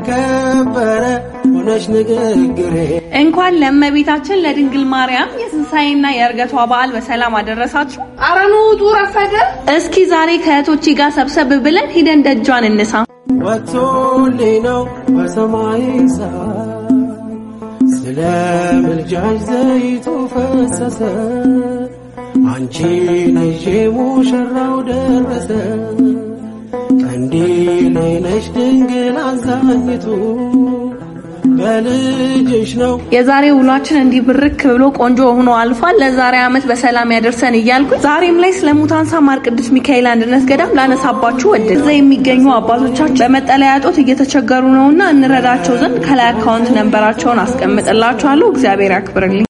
የተከበረ ሆነች ንግግሬ። እንኳን ለእመቤታችን ለድንግል ማርያም የትንሣኤና የእርገቷ በዓል በሰላም አደረሳችሁ። አረኑ ውጡ ረፈደ። እስኪ ዛሬ ከእህቶቼ ጋር ሰብሰብ ብለን ሂደን ደጇን እንሳ። ወቶሌ ነው በሰማይ ስለ ምልጃሽ ዘይቱ ፈሰሰ አንቺ ነዤ ሙሽራው ደረሰ እንዲህ ነሽ ድንግል አዛኝቱ የዛሬ ውሏችን እንዲህ ብርክ ብሎ ቆንጆ ሆኖ አልፏል። ለዛሬ ዓመት በሰላም ያደርሰን እያልኩ ዛሬም ላይ ስለ ሙታንሳ ማር ቅዱስ ሚካኤል አንድነት ገዳም ላነሳባችሁ ወደ እዛ የሚገኙ አባቶቻችን በመጠለያ እጦት እየተቸገሩ ነውና እንረዳቸው ዘንድ ከላይ አካውንት ነንበራቸውን አስቀምጥላችኋለሁ። እግዚአብሔር ያክብርልኝ።